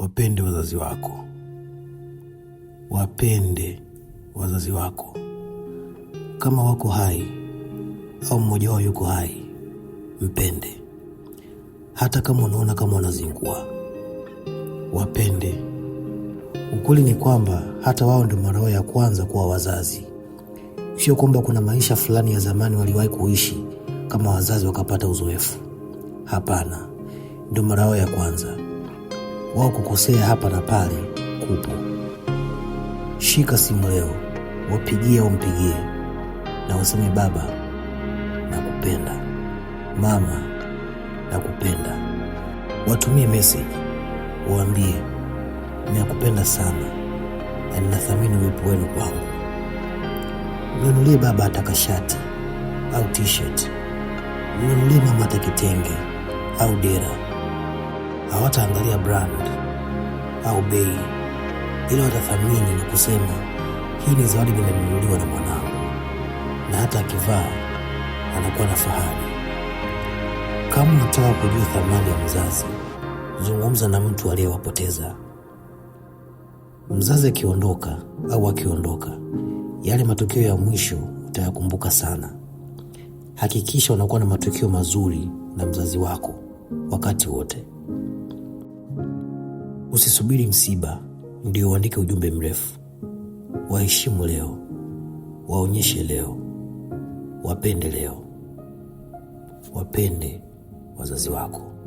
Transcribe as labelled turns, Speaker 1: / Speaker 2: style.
Speaker 1: wapende wazazi wako, wapende wazazi wako kama wako hai au mmoja wao yuko hai, mpende hata kama unaona kama wanazingua, wapende. Ukweli ni kwamba hata wao ndio mara ya kwanza kuwa wazazi, sio kwamba kuna maisha fulani ya zamani waliwahi kuishi kama wazazi wakapata uzoefu. Hapana, ndio mara yao ya kwanza wao kukosea hapa na pale kupo. Shika simu leo, wapigie, wampigie na waseme baba, nakupenda, mama, nakupenda. Watumie meseji, waambie nakupenda sana na ninathamini uwepo wenu kwangu. Mnunulie baba ataka shati au t-shirt, mnunulie mama ata kitenge au dera hawataangalia brand au bei, ila watathamini na kusema hii ni zawadi nimenunuliwa na mwanangu, na hata akivaa anakuwa na fahari. Kama unataka kujua thamani ya mzazi, zungumza na mtu aliyewapoteza mzazi. Akiondoka au akiondoka, yale matukio ya mwisho utayakumbuka sana. Hakikisha unakuwa na matukio mazuri na mzazi wako wakati wote. Usisubiri msiba ndio uandike ujumbe mrefu. Waheshimu leo, waonyeshe leo, wapende leo, wapende wazazi wako.